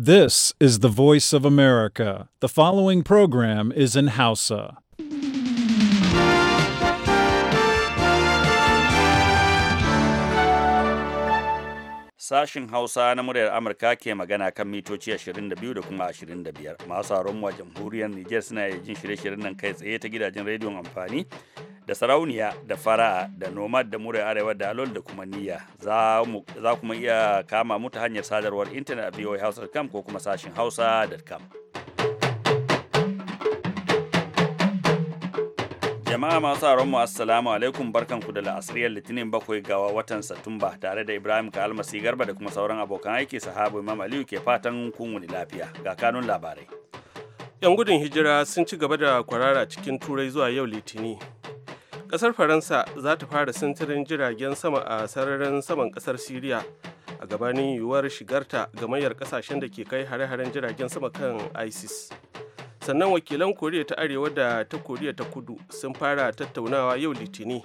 This is the voice of America. The following program is in Hausa. Sashin Hausa na muryar Amurka ke magana kan mitoci 22 da kuma 25. Masu a jamhuriyar Nijar suna iya jin shirye-shiryen nan kai tsaye ta gidajen rediyon amfani da sarauniya da fara'a da nomad da murai arewa da alol da kuma niyya za kuma iya kama mu hanyar sadarwar intanet a voahouse.com ko kuma sashin hausa.com jama'a masu sauran mu assalamu alaikum barkanku da la'asiriyar litinin bakwai ga watan satumba tare da ibrahim ka almasi garba da kuma sauran abokan aiki sahabu imam aliyu ke fatan kunwuni lafiya ga kanun labarai yan gudun hijira sun ci gaba da kwarara cikin turai zuwa yau litinin kasar faransa za ta fara sintirin jiragen sama a sararin saman kasar siriya a gabanin yiwuwar shigarta gamayyar kasashen da ke kai hare-haren jiragen sama kan isis sannan wakilan koriya ta arewa da ta koriya ta kudu sun fara tattaunawa yau litini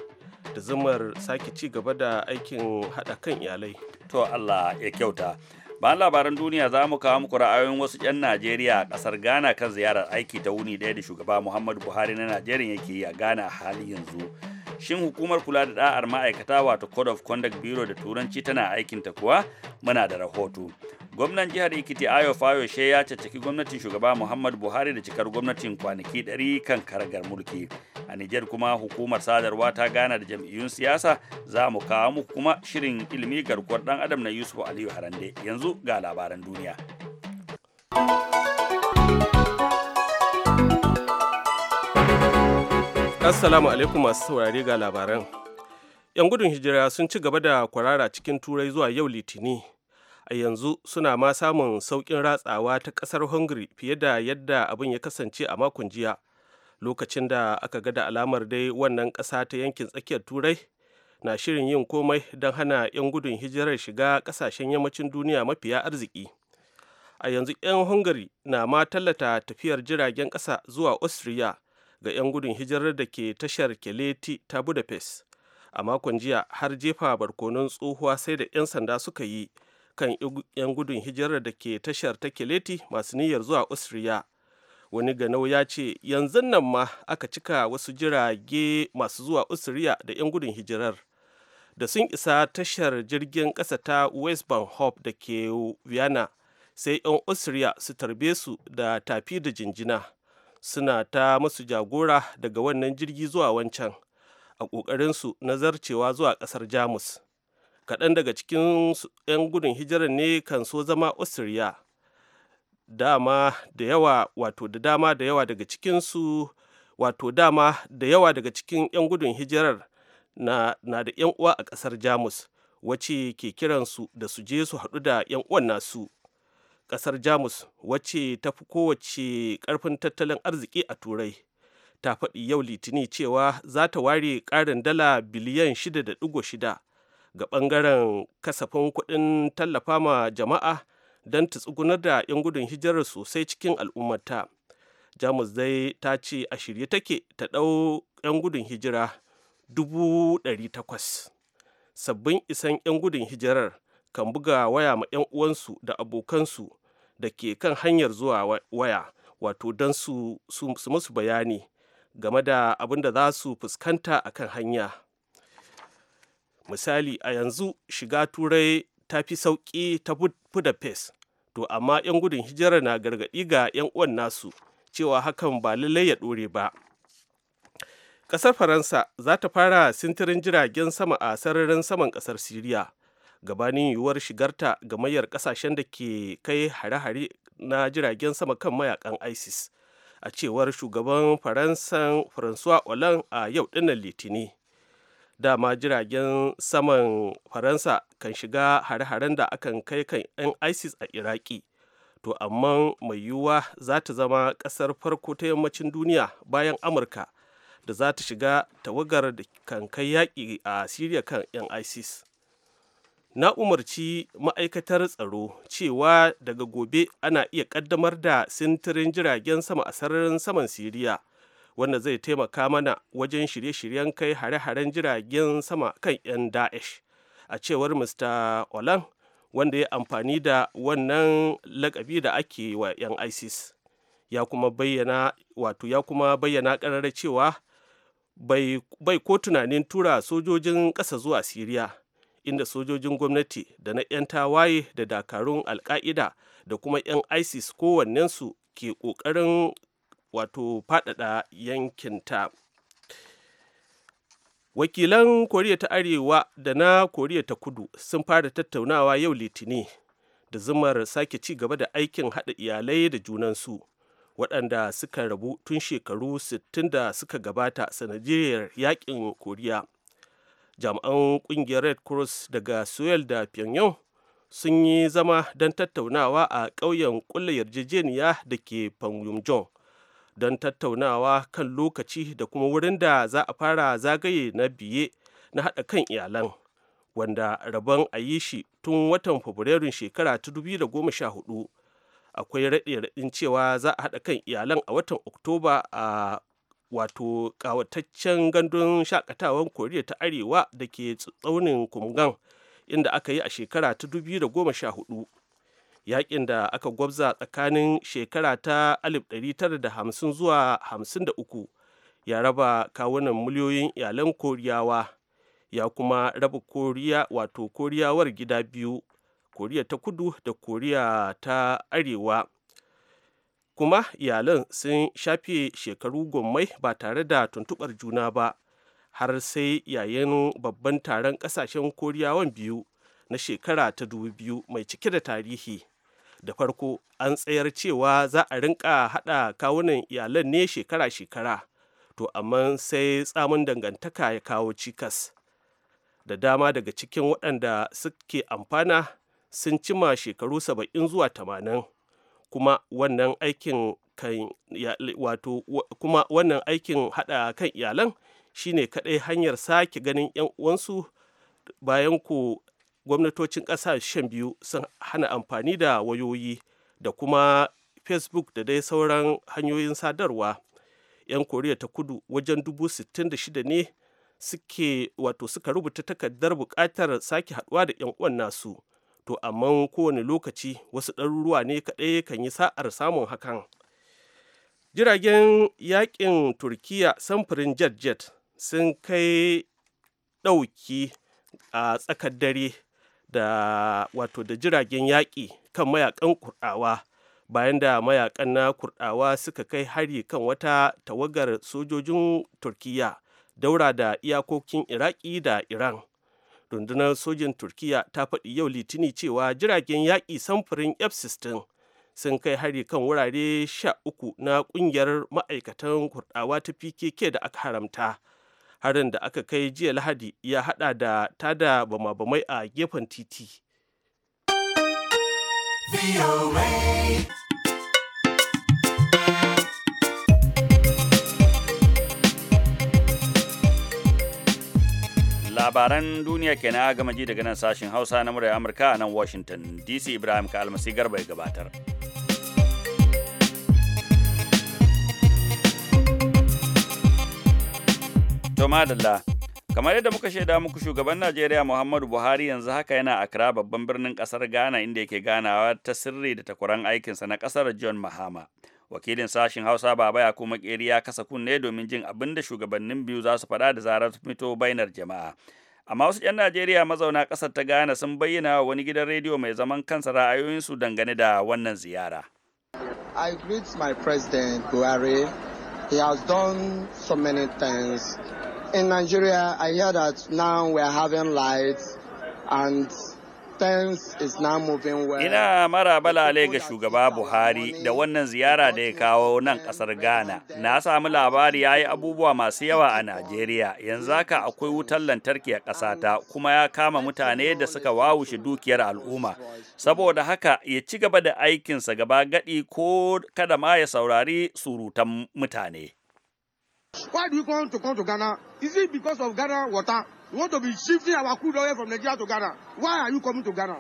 da zumar sake ci gaba da aikin haɗa kan iyalai to allah ya kyauta bayan labaran duniya za mu kawo muku ra'ayoyin wasu 'yan najeriya a ƙasar ghana kan ziyarar aiki ta wuni daya da shugaba muhammadu buhari na najeriya yake yi a ghana a hali yanzu shin hukumar kula da ɗa'ar ma'aikata wato code of conduct bureau da turanci tana aikinta kuwa muna da rahoto gwamnan jihar ikiti ayo fayoshe ya caccaki gwamnatin shugaba muhammadu buhari da cikar gwamnatin kwanaki 100 kan karagar mulki a nijar kuma hukumar sadarwa ta gana da jam'iyyun siyasa za mu kawo muku kuma shirin ilimi garkuwar dan adam na yusuf aliyu harande yanzu ga labaran duniya assalamu alaikum masu saurari ga labaran yan gudun hijira sun ci gaba da kwarara cikin turai zuwa yau litini a yanzu suna ma samun sauƙin ratsawa ta ƙasar hungary fiye da yadda abin ya kasance a makon jiya lokacin da aka ga da alamar dai wannan ƙasa ta yankin tsakiyar turai na shirin yin komai don hana 'yan gudun hijirar shiga ƙasashen yammacin duniya mafiya arziki a yanzu 'yan hungary na ma tallata tafiyar jiragen ƙasa zuwa austria ga 'yan gudun hijirar da ke tashar keleti ta budapest a makon jiya har jefa barkonon tsohuwa sai da 'yan sanda suka yi kan 'yan gudun hijirar da ke tashar ta keleti masu niyyar zuwa austria wani ganau ya ce yanzu nan ma aka cika wasu jirage masu zuwa austria da 'yan gudun hijirar da sun isa tashar jirgin ƙasa ta westbourn hope da ke vienna sai 'yan austria su tarbe su da tafi da jinjina suna ta masu jagora daga wannan jirgi zuwa wancan a ƙoƙarinsu na zarcewa zuwa ƙasar jamus kaɗan daga cikin 'yan gudun hijirar ne kan so zama austria dama da yawa wato da dama da yawa daga cikinsu wato dama da yawa daga cikin 'yan gudun hijirar na, na da 'yan uwa a ƙasar jamus wacce ke kiransu da su je su haɗu da 'yan uwan nasu ƙasar jamus wacce ta fi kowace ƙarfin tattalin arziki a turai ta faɗi yau litini cewa za ta ware ƙarin dala biliyan 6.6 ga ɓangaren kasafin kuɗin tallafa ma jama'a don ta tsugunar da 'yan gudun hijirar sosai cikin al'ummata jamus dai ta ce a shirye take ta ɗau 'yan gudun hijira takwas sabbin isan 'yan gudun hijirar kan buga waya ma 'yan uwansu da abokansu da ke kan hanyar zuwa waya wato don su, masu bayani game da abin da za su fuskanta a kan hanya misali a yanzu shiga turai ta fi sauƙi ta budapest to amma 'yan gudun hijira na gargaɗi ga 'yan uwan nasu cewa hakan ba lallai ya ɗore ba ƙasar faransa za ta fara sintirin jiragen sama a sararin saman ƙasar siriya gabanin yiwuwar shigarta gamayyar ƙasashen da ke kai hare-hare na jiragen sama kan mayakan isis a cewar shugaban faransan francois hollande a yau dinnan litini dama jiragen saman faransa kan shiga hare-haren da akan kai kan 'yan isis a iraki to amma mai yiwuwa za ta zama kasar farko ta yammacin duniya bayan amurka da za ta shiga tawagar da kan kai yaƙi a siriya kan 'yan isis na umarci ma'aikatar tsaro cewa daga gobe ana iya ƙaddamar da sintirin jiragen sama a sararin saman siriya wanda zai taimaka mana wajen shirye-shiryen kai hare-haren jiragen sama kan 'yan daesh a cewar mr olan wanda ya amfani da wannan lakabi da ake wa 'yan isis ya kuma bayyana wato ya kuma bayyana karar cewa bai, bai ko tunanin tura sojojin ƙasa zuwa siriya inda sojojin gwamnati da na 'yan tawaye da dakarun alka'ida da kuma 'yan isis kowannensu ke ƙoƙarin wato faɗaɗa yankinta wakilan koriya ta arewa da na koriya ta kudu sun fara tattaunawa yau litini da zumar sake ci gaba da aikin haɗa iyalai da junansu waɗanda suka rabu tun shekaru 60 da suka gabata sanadiyar yakin koriya jami'an ƙungiyar red cross daga soyal da pyongyang sun yi zama don tattaunawa a ƙauyen ƙulla yarjejeniya da ke pangyunjong don tattaunawa kan lokaci da kuma wurin da za a fara zagaye na biye na haɗa kan iyalan wanda rabon a yi shi tun watan fabrairun shekara ta 2014 akwai raɗe-raɗin cewa za a haɗa kan iyalan a watan oktoba a wato ƙawataccen gandun shakatawan koriya ta arewa da ke tsaunin kumgan inda aka yi a shekara ta 2014 yakin da aka gwabza tsakanin shekara ta 1950 zuwa 53 ya raba kawunan miliyoyin iyalan koriyawa ya kuma raba koriya wato koriyawar gida biyu koriya ta kudu da koriya ta arewa kuma iyalan sun shafe shekaru gommai ba tare da tuntubar juna ba har sai yayin babban taron kasashen koriyawan biyu na shekara ta dubu biyu mai cike da tarihi da farko an tsayar cewa za a rinka haɗa kawunan iyalan ne shekara-shekara to amma sai tsamin dangantaka ya kawo cikas da dama daga cikin waɗanda suke amfana sun cima shekaru saba'in zuwa tamanin kuma wannan aikin kan wato kuma wannan aikin haɗa kan iyalan shine kaɗai hanyar sake ganin 'yan uwansu bayan ku gwamnatocin ƙasashen biyu sun hana amfani da wayoyi da kuma facebook da dai sauran hanyoyin sadarwa 'yan koriya ta kudu wajen dubu shida ne suke wato suka rubuta takardar buƙatar sake haɗuwa da 'yan uwan nasu to amma kowane lokaci wasu ɗaruruwa ne kaɗai kan yi sa'ar samun hakan jiragen yakin turkiya samfurin jet jet sun kai ɗauki a tsakar dare da wato da jiragen yaƙi kan mayakan kurɗawa bayan da mayakan na kurɗawa suka kai hari kan wata tawagar sojojin turkiya daura da iyakokin iraki da iran rundunar sojin turkiya ta faɗi yau litini cewa jiragen yaƙi samfurin f-16 sun kai hari kan wurare 13 na ƙungiyar ma'aikatan kurɗawa ta pkk da aka haramta harin da aka kai jiya lahadi ya hada da tada bama-bamai a gefen titi labaran duniya kenan gama ji daga nan sashen hausa na murai amurka a nan washington dc ibrahim ka garba ya gabatar To madalla. Kamar yadda muka shaida muku shugaban Najeriya Muhammadu Buhari yanzu haka yana akira babban birnin kasar Ghana inda yake ganawa ta sirri da takwaran aikinsa na kasar John Mahama. Wakilin sashen Hausa Baba ya kuma ƙeri ya kasa kunne domin jin abin da shugabannin biyu za su faɗa da zarar fito bainar jama'a. amma wasu 'yan Najeriya mazauna ƙasar ta Ghana sun bayyana wa wani gidan rediyo mai zaman kansa ra'ayoyinsu dangane da wannan ziyara. I greet my president Buhari. He has done so many things In Nigeria, I hear that now we are having lights and Ina mara balale ga shugaba Buhari da wannan ziyara da ya kawo nan kasar Ghana. Na samu labari ya yi abubuwa masu yawa a Najeriya. Yanzu haka akwai wutar lantarki a ƙasata kuma ya kama mutane da suka wawushe dukiyar al'umma. Saboda haka ya ci gaba da aikinsa gaba gadi ko kada ma ya saurari surutan mutane. Why do you want to come to Ghana? Is it because of Ghana water? You want to be shifting our crude oil from Nigeria to Ghana? Why are you coming to Ghana?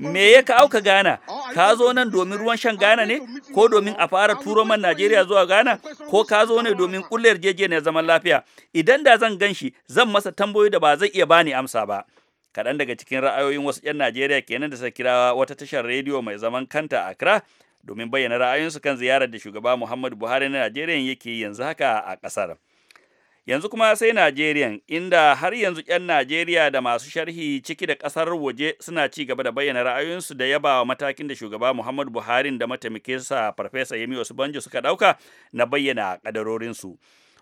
Me ya ka auka Ghana? Ka zo nan domin ruwan shan Ghana ne? Ko domin a fara turo man Najeriya zuwa Ghana? Ko ka zo ne domin kullayar jeje na zaman lafiya? Idan da zan gan shi, zan masa tambayoyi da ba zai iya bani amsa ba. Kaɗan daga cikin ra'ayoyin wasu 'yan Najeriya kenan da suka kira wata tashar rediyo mai zaman kanta a Accra domin bayyana ra'ayinsu kan ziyarar da shugaba Muhammadu Buhari na Najeriya yake yanzu haka a ƙasar. Yanzu kuma sai Najeriya inda har yanzu 'yan Najeriya da masu sharhi ciki da ƙasar waje suna ci gaba da bayyana ra'ayoyinsu da yabawa matakin da shugaba Muhammadu Buhari da mataimakinsa Farfesa Yemi Osubanjo suka ɗauka na bayyana ƙadarorinsu.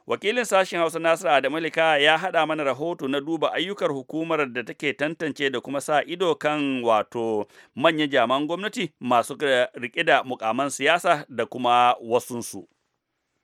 wakilin sashen hausa nasir adamu lika ya haɗa mana rahoto na duba ayyukar hukumar da take tantance da kuma sa ido kan wato manyan jaman gwamnati masu eh, riƙe da mukaman siyasa da kuma wasunsu.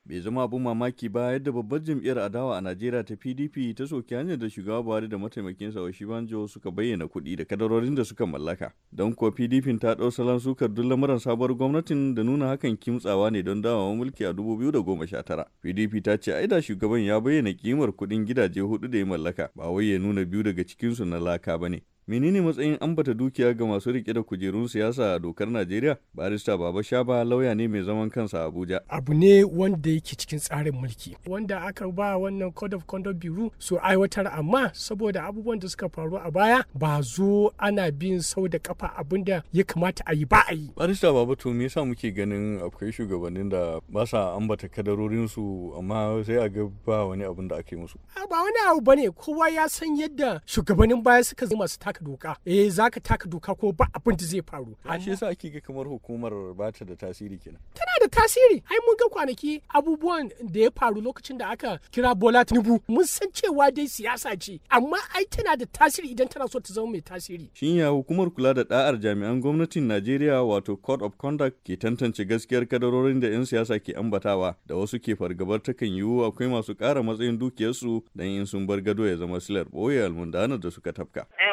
bai zama abin mamaki ba yadda babbar jam'iyyar adawa a najeriya ta pdp ta soki hanyar da shugaba buhari da mataimakinsa oshibanjo suka bayyana kuɗi da kadarorin da suka mallaka don kuwa pdp ta ɗau salon sukar duk lamuran sabuwar gwamnatin da nuna hakan kimtsawa ne don dawowa mulki a 2019 pdp ta ce aida shugaban ya bayyana kimar kuɗin gidaje hudu da ya mallaka ba wai ya nuna biyu daga cikinsu na laka ba ne Menene matsayin ambata dukiya ga masu rike da kujerun siyasa a dokar Najeriya? Barista Baba Shaba lauya ne mai zaman kansa Abuja. Abu ne wanda yake cikin tsarin mulki wanda aka ba wannan Code of Conduct su aiwatar amma saboda abubuwan da suka faru a baya ba zo ana bin sau da kafa abin da ya kamata a yi ba a yi. Barista Baba to me yasa muke ganin akwai shugabannin da ba sa ambata kadarorinsu amma sai a ga ba wani abin da ake musu. Ba wani abu bane kowa ya san yadda shugabannin baya suka zama masu taka taka doka eh zaka taka doka ko ba abin da zai faru shi yasa ake ga kamar hukumar ba ta da tasiri kenan tana da tasiri ai mun ga kwanaki abubuwan da ya faru lokacin da aka kira Bola Tinubu mun san cewa dai siyasa ce amma ai tana da tasiri idan tana so ta zama mai tasiri shin ya hukumar kula da da'ar jami'an gwamnatin Najeriya wato Code of Conduct ke tantance gaskiyar kadarorin da 'yan siyasa ke ambatawa da wasu ke fargabar ta kan yiwu akwai masu kara matsayin dukiyarsu dan in sun bar gado ya zama silar ɓoye almundana da suka tafka. Eh,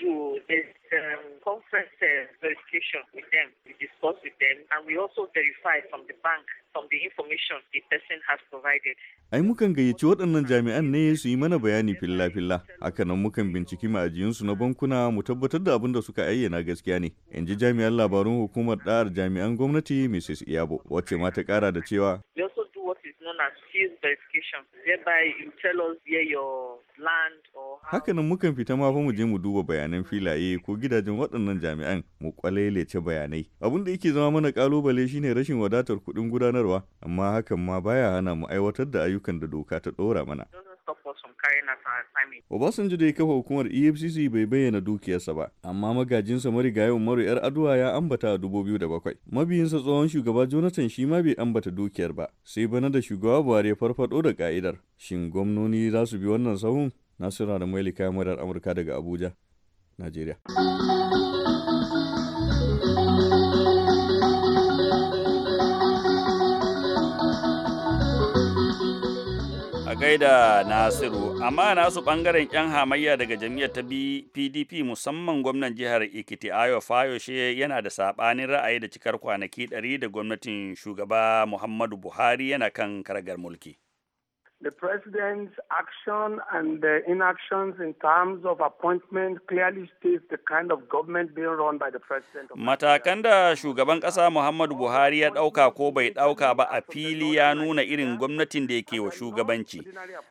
do. is um, conference uh, verification with them. We discuss with them, and we also verify from the bank from the information the person has provided. Ai mukan gayyaci waɗannan jami'an ne su yi mana bayani filla-filla, nan mukan binciki ma'ajiyunsu na bankuna mu tabbatar da abin da suka ayyana gaskiya ne, in ji jami'an labarun hukumar ɗa'ar jami'an gwamnati Mrs. Iyabo, wacce ma ta ƙara da cewa. skills verification thereby you tell us where your land or Hakanan mukan fita ma fa mu je mu duba bayanan filaye ko gidajen waɗannan jami'an mu kwalelece bayanai. abun da yake zama mana kalubale shine rashin wadatar kuɗin gudanarwa amma hakan ma baya hana mu aiwatar da ayyukan da doka ta ɗora mana. Obasanjo da ya kafa hukumar EFCC bai bayyana dukiyarsa ba, amma magajinsa marigayi Umaru ‘yar Aduwa ya ambata a 2007. Mabiyinsa tsohon shugaba Jonathan shi ma bai ambata dukiyar ba, sai bana da shugaba Buhari ya farfado da ka'idar. Shin gwamnoni za su bi wannan sahun? Nasiru da Mailika Murar Amurka daga Abuja, Najeriya. da Nasiru, amma nasu ɓangaren 'yan hamayya daga jam'iyyar ta PDP musamman gwamnan jihar Ikiti Ayo Fayoshe yana da saɓanin ra'ayi da cikar kwanaki ɗari da gwamnatin shugaba Muhammadu Buhari yana kan karagar mulki. The president's action and the inactions in terms of appointment clearly states the kind of government being run by the president. Matakan da shugaban ƙasa Muhammadu Buhari ya ɗauka ko bai ɗauka ba a fili ya nuna irin gwamnatin da yake wa shugabanci.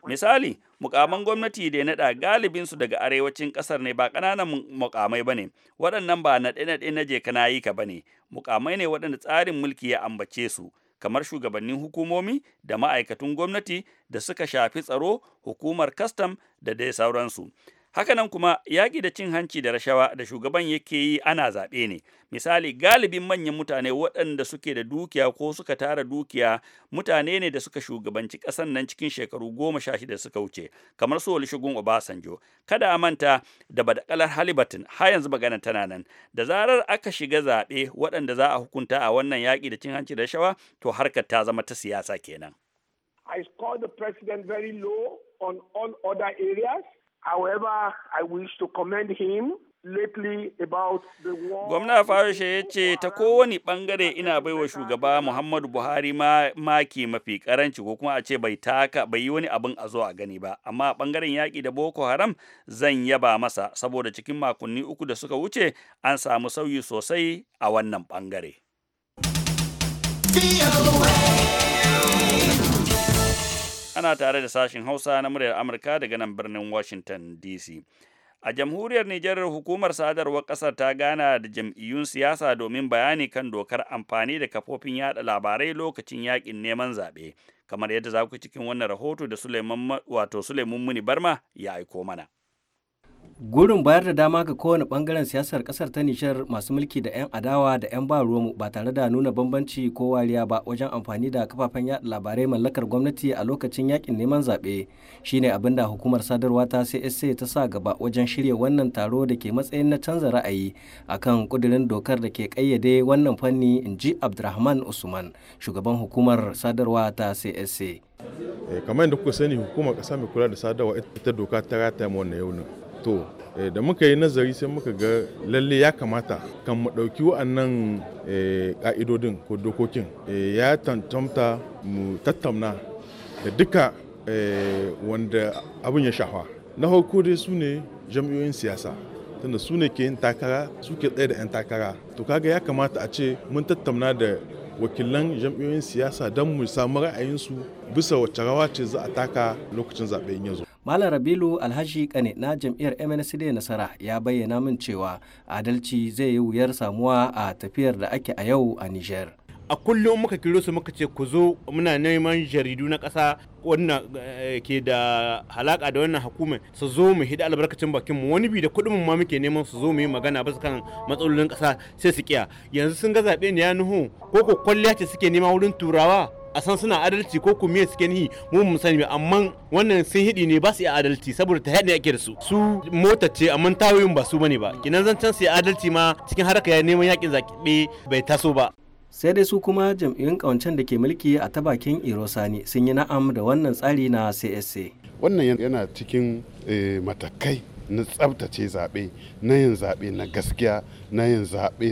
Misali, mukaman gwamnati da ya naɗa galibinsu daga arewacin ƙasar ne ba kananan mukamai ba ne, waɗannan ba na naɗe na je ka yi ka ba mukamai ne waɗanda tsarin mulki ya ambace su. kamar shugabannin hukumomi da ma'aikatun gwamnati da suka shafi tsaro hukumar kastam da dai sauransu hakanan kuma yaƙi da cin hanci da rashawa da shugaban yake yi ana zaɓe ne misali galibin manyan mutane waɗanda suke da dukiya ko suka tara dukiya mutane ne da suka shugabanci ƙasar nan cikin shekaru goma sha shida suka wuce kamar su shugun Obasanjo kada a manta da badakalar halibatin har yanzu magana tana nan da zarar aka shiga zaɓe waɗanda za a hukunta a wannan yaƙi da cin hanci da rashawa to harkar ta zama ta siyasa kenan I scored the president very low on all other areas However, I wish to commend him Gwamna Farashe ya ce ta kowane bangare ina baiwa shugaba Muhammadu Buhari maki mafi karanci ko kuma a ce bai taka bai yi wani abin a zo a gani ba amma bangaren yaƙi da Boko Haram zan yaba masa saboda cikin makonni uku da suka wuce an samu sauyi sosai a wannan bangare. ana tare da sashen hausa na muryar amurka daga nan birnin washington dc a jamhuriyar nijar hukumar sadarwar ƙasar ta gana da jam'iyyun siyasa domin bayani kan dokar amfani da kafofin yada labarai lokacin yakin neman zaɓe kamar yadda za ku cikin wannan rahoto da suleiman wato suleiman muni barma ya aiko mana gurin bayar da dama ga kowane bangaren siyasar kasar ta nishar masu mulki da 'yan adawa da 'yan ba ruwanmu ba tare da nuna bambanci ko wariya ba wajen amfani da kafafen yaɗa labarai mallakar gwamnati a lokacin yakin neman zaɓe shine abin da hukumar sadarwa ta csa ta sa gaba wajen shirya wannan taro da ke matsayin na canza ra'ayi akan kudirin dokar da ke kayyade wannan fanni in ji abdulrahman usman shugaban hukumar sadarwa ta csa eh, kamar yadda kuka sani hukumar ƙasa mai kula da sadarwa ita doka ta rataya wannan ne. to eh, da muka yi nazari sai muka ga lalle ya kamata kan mu ɗauki wa'annan eh, ƙa'idodin ko dokokin eh, ya tantamta mu tattauna da duka wanda abin ya shafa na farko dai su ne jam'iyyoyin siyasa tunda su ne ke yin takara su ke tsaye da 'yan takara to kaga ya kamata a ce mun tattauna da wakilan jam'iyyoyin siyasa don mu samu ra'ayinsu bisa wacce rawa ce za a taka lokacin zaɓe in ya zo Malam Rabilu Alhaji Kane na jam'iyyar MNCD Nasara ya bayyana min cewa adalci zai yi wuyar samuwa a tafiyar da ake a yau a Nijar. A kullum muka kiro su muka ce ku zo muna neman jaridu na ƙasa wanda eh, ke da halaka da wannan hukumar su zo mu hida albarkacin bakin mu wani bi da kuɗin mu ma muke neman su zo mu yi magana basu kan matsalolin ƙasa sai su kiya yanzu sun ga zaɓe ne ya nuhu ko ko kwalliya ce suke nema wurin turawa a san suna adalci ko kuma suke nihi mu mu sani amma wannan sun hidi ne ba su iya adalci saboda ta ne ake da su su mota ce amma tawayin ba su bane ba kinan zancen su adalci ma cikin haraka ya neman yakin zakibe bai taso ba sai dai su kuma jam'iyyun kawancen da ke mulki a ta bakin irosani sun yi na'am da wannan tsari na csa wannan yana cikin eh, matakai na tsabtace zaɓe na yin zaɓe na gaskiya na yin zaɓe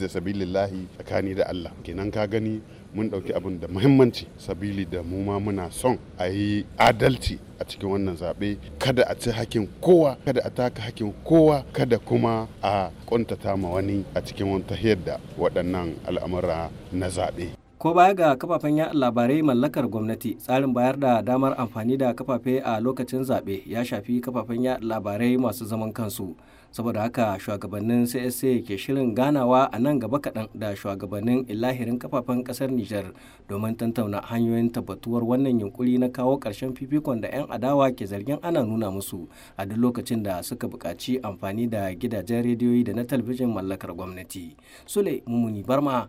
da sabilillahi tsakani da Allah kenan ka gani mun ɗauki abin da muhimmanci sabili da mu ma muna son a yi adalci a cikin wannan zaɓe kada a ci hakin kowa kada a taka hakin kowa kada kuma a ƙuntata ma wani a cikin wata da waɗannan al'amura na zaɓe ko baya ga kafafen ya labarai mallakar gwamnati tsarin bayar da damar amfani da kafafe a lokacin zaɓe ya shafi kafafen ya labarai masu zaman kansu saboda haka shugabannin csa ke shirin ganawa a nan gaba kaɗan da shugabannin ilahirin kafafen ƙasar nijar domin tantauna hanyoyin tabbatuwar wannan yunkuri na kawo ƙarshen fifikon da 'yan adawa ke zargin ana nuna musu a duk lokacin da suka buƙaci amfani da gidajen rediyoyi da na talabijin mallakar gwamnati sule mumuni barma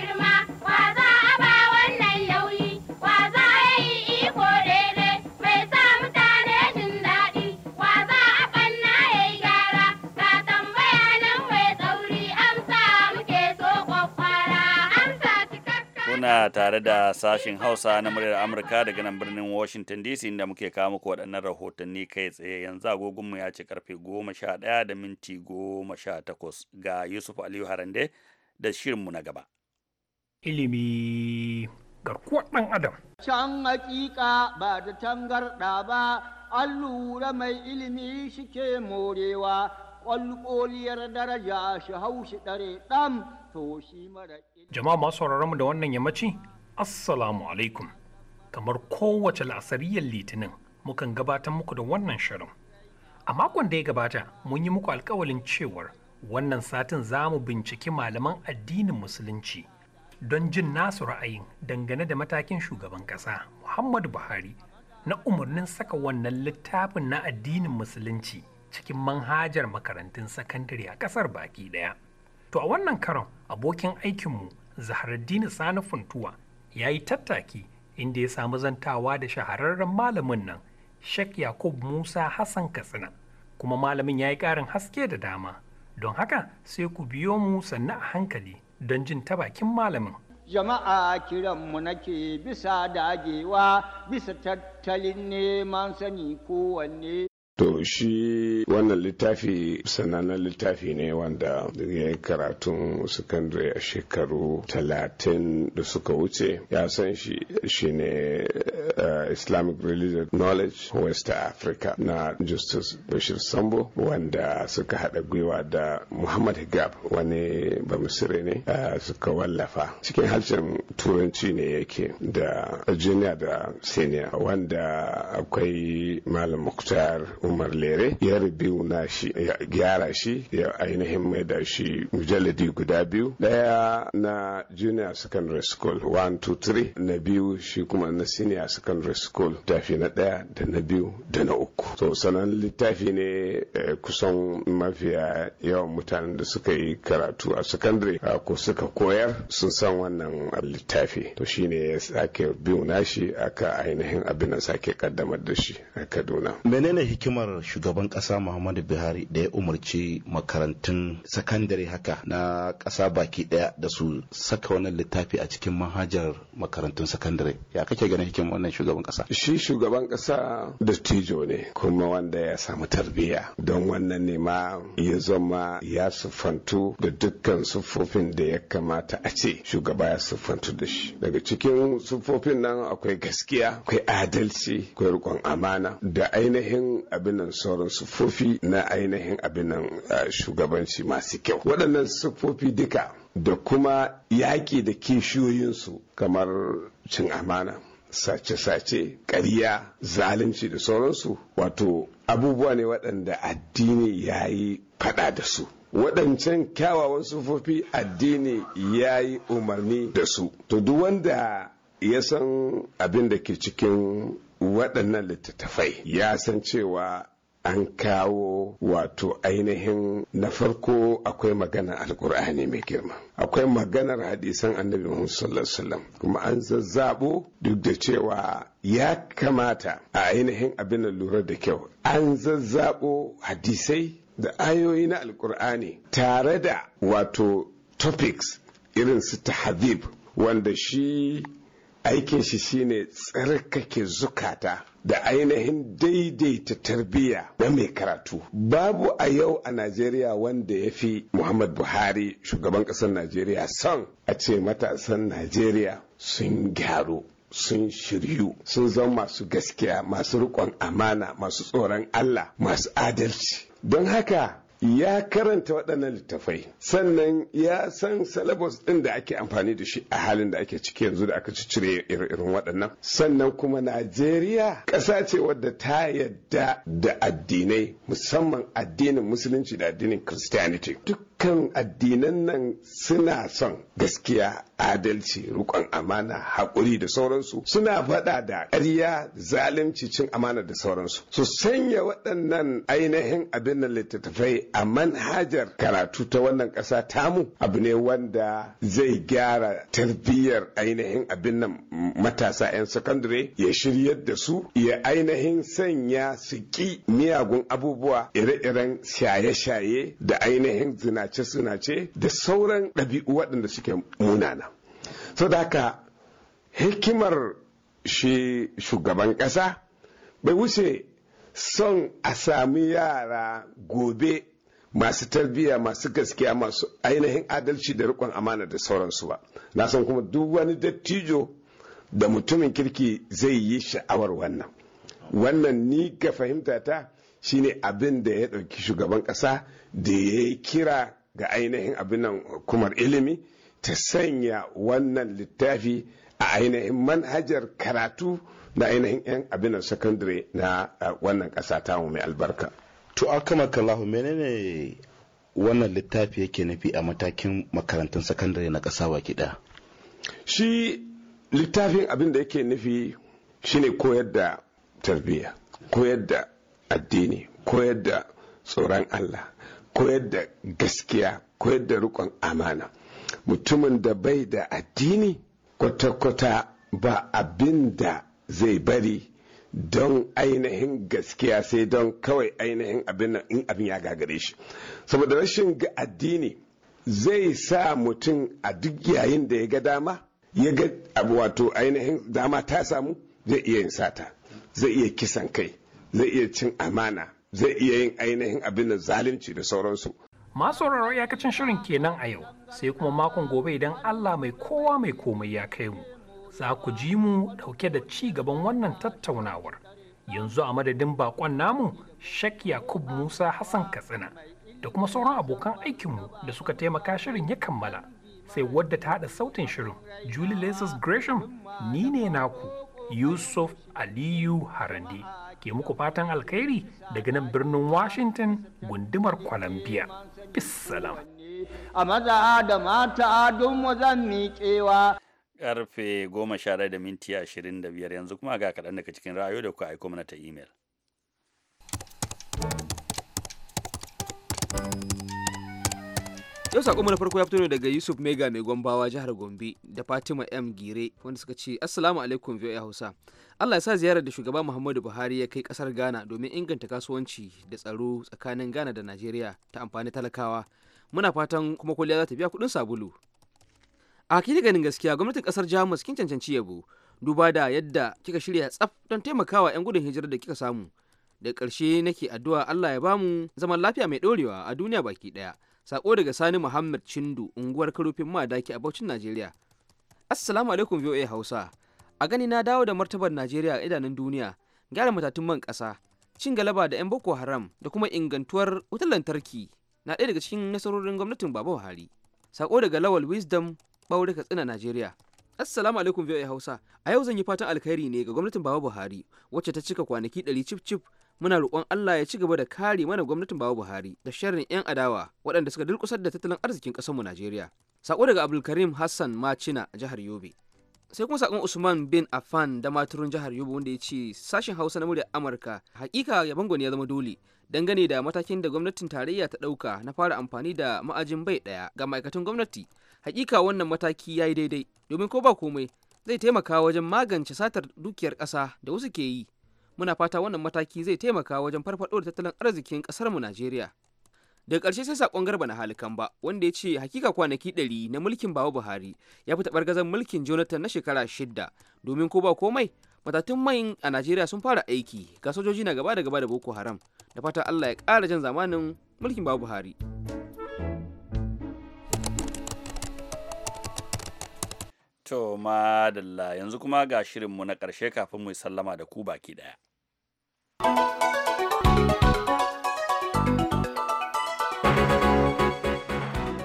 tare da sashin Hausa na muryar Amurka daga nan birnin Washington DC inda muke kawo muku waɗannan rahotanni kai tsaye yanzu agogonmu ya ce karfe 11 da minti 18 ga Yusuf Aliyu Harande da shirinmu na gaba. Ilimi garkuwar ɗan Adam. Can hakika ba da tangarɗa ba, allura mai ilimi shike morewa, ƙwalƙoliyar daraja shi haushi ɗare ɗam to shi mara Jama'a masu mu da wannan yammaci, Assalamu alaikum. Kamar kowace la'asariyar litinin mukan gabatar muku da wannan shirin. A makon da ya gabata mun yi muku alkawalin cewar wannan satin za mu binciki malaman addinin musulunci don jin nasu ra'ayin dangane da matakin shugaban kasa Muhammadu Buhari na umarnin saka wannan littafin na addinin musulunci cikin manhajar makarantun sakandare a ƙasar baki ɗaya. To a wannan karon abokin aikinmu zahraddini sani funtuwa ya yi tattaki inda ya samu zantawa da shahararren malamin nan shek yakub musa hassan katsina kuma malamin ya yi ƙarin haske da dama don haka sai ku biyo mu sannu a hankali don jin ta bakin malamin jama'a kiranmu nake bisa dagewa bisa tattalin neman sani kowanne To shi wannan littafi sananan littafi ne wanda ya yi karatun sakandare a shekaru talatin da suka wuce ya san shi shine eh, Islamic Religious Knowledge West Africa na Justice Bashir Sambo wanda suka haɗa gwiwa da Muhammad gab wani bamisire ne eh, suka wallafa cikin harshen turanci ne yake da junior da senior wanda akwai Malam Mukhtar umar lere ya rubu na shi ya gyara shi ya ainihin mai da shi mujalladi guda biyu daya na junior secondary school 123 2 na biyu shi kuma na senior secondary school tafi na daya da na biyu da na uku to sanan littafi ne eh, kusan mafiya yawan mutanen da suka yi karatu a secondary ah, ko suka koyar sun san wannan littafi to shine ya sake biyu nashi aka ainihin abin sake kaddamar da shi a kaduna menene hikima hikimar shugaban kasa muhammadu buhari da ya umarci makarantun sakandare haka na kasa baki daya da su saka wannan littafi a cikin manhajar makarantun sakandare ya kake ganin hikimar wannan shugaban kasa shi shugaban kasa dattijo ne kuma wanda ya samu tarbiyya don wannan ne ma ya zama ya siffantu da dukkan siffofin da ya kamata a ce shugaba ya siffantu da shi daga cikin siffofin nan akwai gaskiya akwai adalci akwai rikon amana da ainihin abin nan sauran siffofi na ainihin abin nan shugabanci masu kyau waɗannan siffofi duka da kuma yaƙi da kishiyoyinsu kamar cin amana sace-sace ƙarya zalunci da sauransu wato abubuwa ne waɗanda addini ya yi faɗa da su waɗancan kyawawan sufofi addini ya yi umarni da su to duk wanda ya san abin da ke cikin waɗannan littattafai ya san cewa an kawo wato ainihin na farko akwai maganar alkur'ani mai girma akwai maganar hadisan annabi muhammad sallallahu kuma an zazzabo duk da cewa ya kamata a ainihin abin lura da kyau an zazzabo hadisai da ayoyi na alkur'ani tare da wato topics irin su tahadib wanda shi aikin shi shine tsarkake zukata da ainihin daidaita tarbiyya na mai karatu babu a yau a najeriya wanda ya fi muhammad buhari shugaban ƙasar najeriya son a ce matasan najeriya sun gyaru sun shiryu sun zama masu gaskiya masu riƙon amana masu tsoron allah masu adalci don haka ya karanta waɗannan littafai sannan ya san salabos ɗin da ake amfani da shi a halin da ake ciki yanzu da aka cire irin waɗannan sannan kuma najeriya ƙasa ce wadda ta yadda da addinai musamman addinin musulunci da addinin christianity duk dukkan addinan nan suna son gaskiya adalci rukon amana haƙuri da sauransu suna faɗa da ƙarya zalunci cin amana da sauransu su sanya waɗannan ainihin abin da littattafai a manhajar karatu ta wannan ƙasa tamu abu ne wanda zai gyara tarbiyyar ainihin abin nan matasa 'yan sakandare ya shiryar da su ya ainihin sanya su ƙi miyagun abubuwa ire-iren shaye-shaye da ainihin zina sunace da sauran ɗabi'u waɗanda suke munana so da haka hikimar shi shugaban ƙasa bai wuce son a sami yara gobe masu tarbiyya masu gaskiya masu ainihin adalci da riƙon amana da sauransu ba na san kuma duk wani dattijo da mutumin kirki zai yi sha'awar wannan wannan ni ga fahimta ta shine abin da ya ɗauki shugaban ƙasa da ya kira ga ainihin abin nan hukumar ilimi ta sanya wannan littafi a ainihin manhajar karatu na ainihin 'yan abinan sakandare na wannan ƙasa ta mai albarka. To akamakallahu menene wannan littafi yake nufi a matakin makarantun sakandare na ƙasa waki Shi littafin abin da yake nufi shine koyar da tarbiyya, koyar da addini, koyar da tsoron Allah, koyar da gaskiya koyar da rikon amana mutumin da bai da addini kwata-kwata ba abin da zai bari don ainihin gaskiya sai don kawai ainihin abin in abin ya gagare shi saboda rashin ga addini zai sa mutum a duk yayin da ya ga dama ya ga wato ainihin dama ta samu zai iya yin sata zai iya kisan kai zai iya cin amana zai iya yin ainihin abin da zalunci da sauransu. Masu sauraro iyakacin shirin kenan a yau sai kuma makon gobe idan Allah mai kowa mai komai ya kai mu. Za ku ji mu dauke da ci gaban wannan tattaunawar. Yanzu a madadin bakon namu Shek Yakub Musa Hassan Katsina da kuma sauran abokan aikinmu da suka taimaka shirin ya kammala. Sai wadda ta haɗa sautin shirin Julie Lesus Gresham ni ne naku Yusuf Aliyu Harande. ke muku fatan alkhairi daga nan birnin Washington gundumar Columbia. Bissalam. A maza da mata don zan miƙewa. Karfe goma sha da minti ashirin da biyar yanzu kuma ga kaɗan daga cikin ra'ayo da ku aiko mana ta imel. yau sakon na farko ya fito ne daga yusuf mega mai gombawa jihar gombe da fatima m gire wanda suka ce assalamu alaikum ya hausa allah ya sa ziyarar da shugaba muhammadu buhari ya kai kasar ghana domin inganta kasuwanci da tsaro tsakanin ghana da najeriya ta amfani talakawa muna fatan kuma kwalliya za ta biya kudin sabulu a hakika ganin gaskiya gwamnatin kasar jamus kin cancanci yabo duba da yadda kika shirya tsaf don taimakawa 'yan gudun hijirar da kika samu da karshe nake addu'a allah ya bamu zaman lafiya mai ɗorewa a duniya baki daya Sako daga Sani Muhammad Chindu, unguwar Karufin Madaki a baucin Najeriya. Assalamu alaikum VOA Hausa. A gani na dawo da martabar Najeriya a idanun duniya, gyara matatun man ƙasa, cin galaba da 'yan Boko Haram da kuma ingantuwar wutar lantarki na ɗaya daga cikin nasarorin gwamnatin Baba Buhari. Sako daga Lawal Wisdom, Ɓaure Katsina, Najeriya. Assalamu alaikum VOA Hausa. A yau zan yi fatan alkhairi ne ga gwamnatin Baba Buhari wacce ta cika kwanaki ɗari cif cif muna roƙon Allah ya ci gaba da kare mana gwamnatin Baba Buhari da sharrin 'yan adawa waɗanda suka durƙusar da tattalin arzikin mu Najeriya. Sako daga Abdulkarim Hassan Macina jihar Yobe. Sai kuma sakon Usman bin Affan da maturin jihar Yobe wanda ya ce sashen Hausa na muryar Amurka hakika ya ne ya zama dole dangane da matakin da gwamnatin tarayya ta ɗauka na fara amfani da ma'ajin bai ɗaya ga ma'aikatan gwamnati. Hakika wannan mataki ya yi daidai domin ko ba komai zai taimaka wajen magance satar dukiyar ƙasa da wasu ke yi muna fata wannan mataki zai taimaka wajen farfaɗo da tattalin arzikin mu najeriya daga ƙarshe sai sakon garba na halikan ba wanda ya ce hakika kwanaki ɗari na mulkin bawa buhari ya fi taɓargazan mulkin jonathan na shekara shidda domin ko ba komai matatun mai a najeriya sun fara aiki ga sojoji na gaba da gaba da boko haram da fata allah ya ƙara jan zamanin mulkin bawa buhari to madalla yanzu kuma ga shirinmu na ƙarshe kafin mu sallama da ku baki ɗaya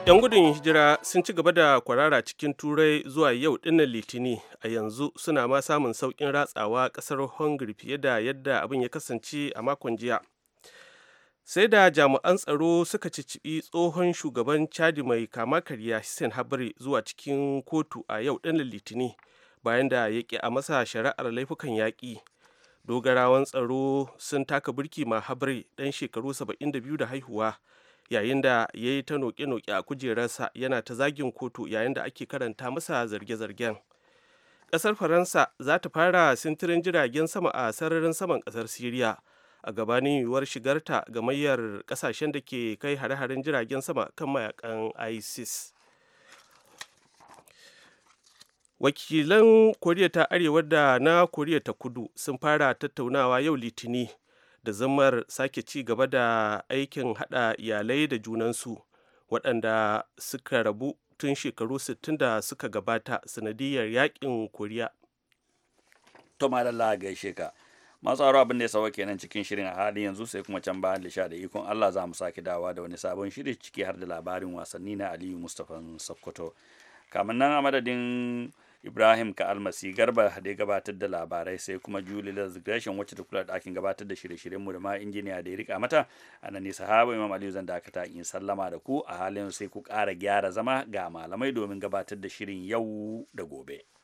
'yan gudun hijira sun ci gaba da kwarara cikin turai zuwa yau dinnan litini a yanzu suna ma samun sauƙin ratsawa ƙasar hungary fiye da yadda abin ya kasance a makon jiya sai da jami'an tsaro suka cicibi tsohon shugaban chadi mai kama karya hussein habari zuwa cikin kotu a yau dinnan litini bayan da ya ƙi a masa shari'ar laifukan yaƙi dogarawan tsaro sun taka burki mahabre ɗan shekaru 72 da haihuwa yayin da ya yi ta noke-noke a kujerarsa yana ta zagin kotu yayin da ake karanta masa zarge-zargen ƙasar faransa za ta fara sintirin jiragen sama a sararin saman ƙasar siriya a gabanin yiwuwar shigarta gamayyar ƙasashen da ke kai hare-haren jiragen sama kan mayakan isis wakilan koriya ta arewa da na koriya ta kudu sun fara tattaunawa yau litini da zamar sake ci gaba da aikin hada iyalai da junansu waɗanda suka rabu tun shekaru 60 da suka gabata sanadiyar yakin koriya to malalla gaishe ka masu aro abin da ya sawa kenan cikin shirin a halin yanzu sai kuma can bayan lisha da ikon Allah za mu sake dawa da wani sabon shirin ciki har da labarin wasanni na Aliyu Mustapha Sokoto kamin nan a madadin ibrahim ka almasi garba da ya gabatar da labarai sai kuma julie gresham wacce ta kula da ɗakin gabatar da shirye-shiryen da ma injiniya da ya rika mata a nan nisa habu imam aliyu zan dakata in sallama da ku a halin sai ku ƙara gyara zama ga malamai domin gabatar da shirin yau da gobe.